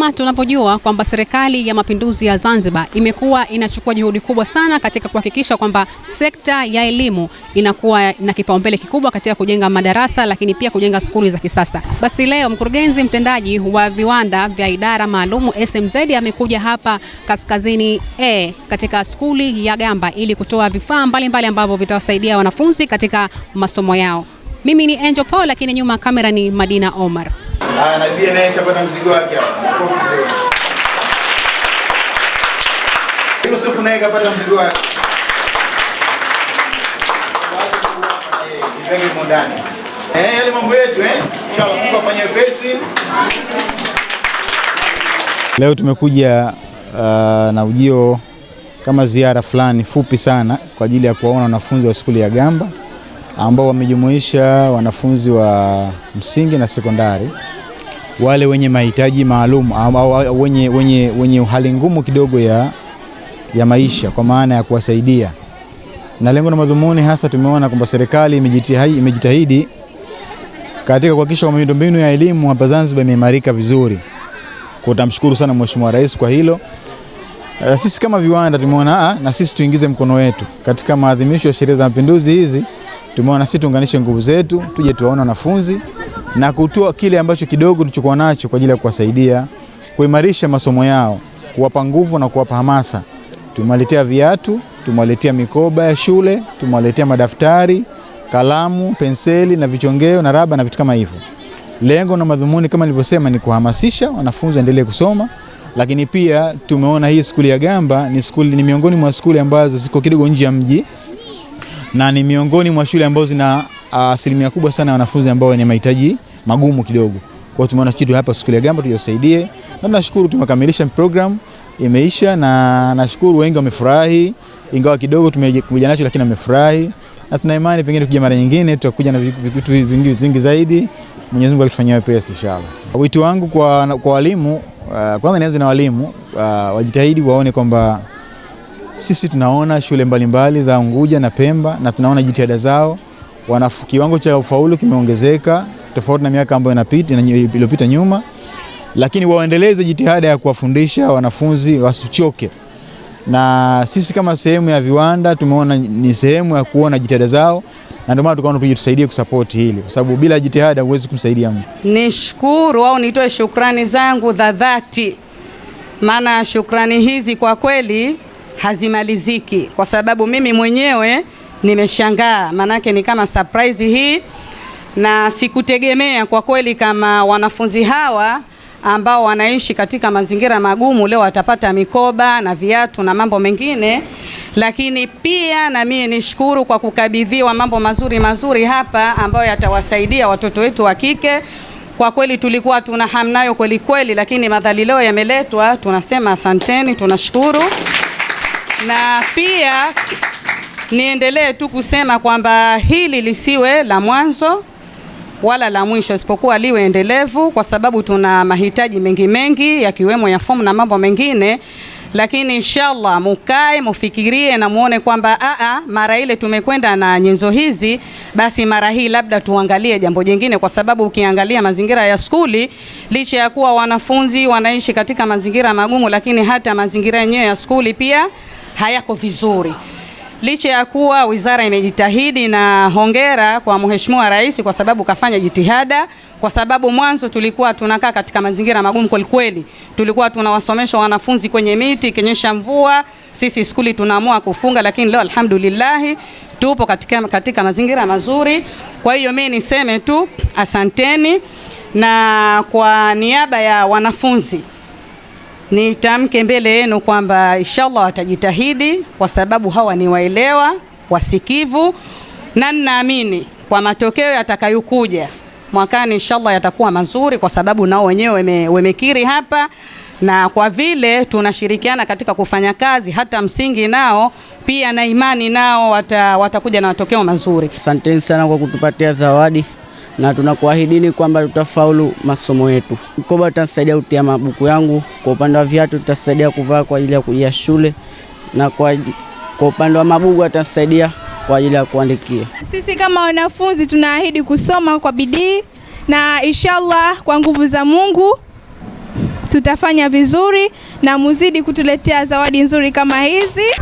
Kama tunapojua kwamba Serikali ya Mapinduzi ya Zanzibar imekuwa inachukua juhudi kubwa sana katika kuhakikisha kwamba sekta ya elimu inakuwa na kipaumbele kikubwa katika kujenga madarasa, lakini pia kujenga skuli za kisasa. Basi leo mkurugenzi mtendaji wa viwanda vya idara maalumu SMZ amekuja hapa Kaskazini A katika skuli ya Gamba ili kutoa vifaa mbalimbali ambavyo vitawasaidia wanafunzi katika masomo yao. Mimi ni Angel Paul, lakini nyuma kamera ni Madina Omar. Ah, na pia naye shapata mzigo wake Yusufu naye kapata mzigo wake. Eh, yale mambo yetu eh. pesi. Leo tumekuja uh, na ujio kama ziara fulani fupi sana kwa ajili ya kuwaona wanafunzi wa skuli ya Gamba ambao wamejumuisha wanafunzi wa msingi na sekondari wale wenye mahitaji maalum au wenye, wenye, wenye hali ngumu kidogo ya, ya maisha kwa maana ya kuwasaidia, na lengo na madhumuni hasa tumeona kwamba serikali imejitahidi katika kuhakikisha kwamba miundombinu ya elimu hapa Zanzibar imeimarika vizuri. Kwa sana Mheshimiwa Rais kwa hilo. Eh, sisi kama viwanda tumeona ah, na sisi tuingize mkono wetu katika maadhimisho ya sherehe za mapinduzi hizi, tumeona sisi tuunganishe nguvu zetu, tuje tuwaone wanafunzi na kutoa kile ambacho kidogo tulichokuwa nacho kwa ajili ya kuwasaidia kuimarisha masomo yao, kuwapa nguvu na kuwapa hamasa. Tumewaletea viatu, tumewaletea mikoba ya shule, tumewaletea madaftari, kalamu, penseli na vichongeo na raba na vitu kama hivyo. Lengo na madhumuni kama nilivyosema ni kuhamasisha wanafunzi waendelee kusoma, lakini pia tumeona hii skuli ya Gamba ni skuli, ni miongoni mwa skuli ambazo ziko kidogo nje ya mji na ni miongoni mwa shule ambazo zina asilimia uh, kubwa sana ya wanafunzi ambao wenye mahitaji magumu kidogo. Kwa hiyo tumeona kitu hapa siku ya Gamba tujisaidie, na nashukuru tumekamilisha program imeisha, na nashukuru wengi wamefurahi, ingawa kidogo tumekuja nacho, lakini wamefurahi na tuna imani pengine tukija mara nyingine tutakuja na vitu vingi vingi zaidi. Mwenyezi Mungu akifanyia wepesi inshallah. Wito wangu kwa kwa walimu uh, kwanza nianze na walimu uh, wajitahidi waone kwamba sisi tunaona shule mbalimbali mbali za Unguja na Pemba na tunaona jitihada zao wanafu, kiwango cha ufaulu kimeongezeka tofauti na miaka ambayo iliyopita nyuma, lakini waendeleze jitihada ya kuwafundisha wanafunzi wasichoke, na sisi kama sehemu ya viwanda tumeona ni sehemu ya kuona jitihada zao, na ndio maana tukaona tuje tusaidie kusapoti hili, kwa sababu bila jitihada huwezi kumsaidia mtu. Nishukuru au nitoe shukrani zangu za dhati, maana shukrani hizi kwa kweli hazimaliziki, kwa sababu mimi mwenyewe nimeshangaa, maanake ni kama surprise hii na sikutegemea kwa kweli, kama wanafunzi hawa ambao wanaishi katika mazingira magumu leo watapata mikoba na viatu na mambo mengine. Lakini pia na mimi nishukuru kwa kukabidhiwa mambo mazuri mazuri hapa ambayo yatawasaidia watoto wetu wa kike. Kwa kweli tulikuwa tuna hamnayo kweli kweli, lakini madhali leo yameletwa, tunasema asanteni, tunashukuru na pia Niendelee tu kusema kwamba hili lisiwe la mwanzo wala la mwisho, isipokuwa liwe endelevu, kwa sababu tuna mahitaji mengi mengi yakiwemo ya fomu na mambo mengine, lakini inshallah mukae mufikirie na muone kwamba aa, ah, ah, mara ile tumekwenda na nyenzo hizi, basi mara hii labda tuangalie jambo jingine, kwa sababu ukiangalia mazingira ya skuli, licha ya kuwa wanafunzi wanaishi katika mazingira magumu, lakini hata mazingira yenyewe ya skuli pia hayako vizuri licha ya kuwa wizara imejitahidi na hongera kwa Mheshimiwa Rais kwa sababu kafanya jitihada, kwa sababu mwanzo tulikuwa tunakaa katika mazingira magumu kwelikweli. Tulikuwa tunawasomesha wanafunzi kwenye miti, ikinyesha mvua sisi skuli tunaamua kufunga, lakini leo alhamdulillah tupo katika, katika mazingira mazuri. Kwa hiyo mimi niseme tu asanteni, na kwa niaba ya wanafunzi Nitamke mbele yenu kwamba inshallah watajitahidi kwa sababu hawa ni waelewa wasikivu, na ninaamini kwa matokeo yatakayokuja mwakani inshallah yatakuwa mazuri, kwa sababu nao wenyewe wamekiri hapa, na kwa vile tunashirikiana katika kufanya kazi, hata msingi nao pia na imani nao watakuja wata na matokeo mazuri. Asanteni sana kwa kutupatia zawadi na tunakuahidini kwamba tutafaulu masomo yetu. Mkoba utasaidia kutia mabuku yangu, kwa upande wa viatu tutasaidia kuvaa kwa ajili ya kujia shule, na kwa, kwa upande wa mabuku atasaidia kwa ajili ya kuandikia. Sisi kama wanafunzi tunaahidi kusoma kwa bidii na inshallah kwa nguvu za Mungu tutafanya vizuri na muzidi kutuletea zawadi nzuri kama hizi.